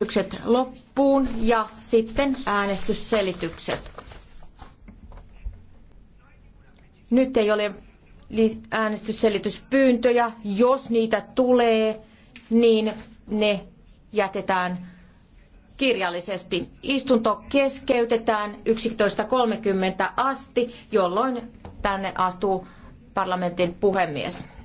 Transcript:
äänestykset loppuun ja sitten äänestysselitykset. Nyt ei ole äänestysselityspyyntöjä. Jos niitä tulee, niin ne jätetään kirjallisesti. Istunto keskeytetään 11.30 asti, jolloin tänne astuu parlamentin puhemies.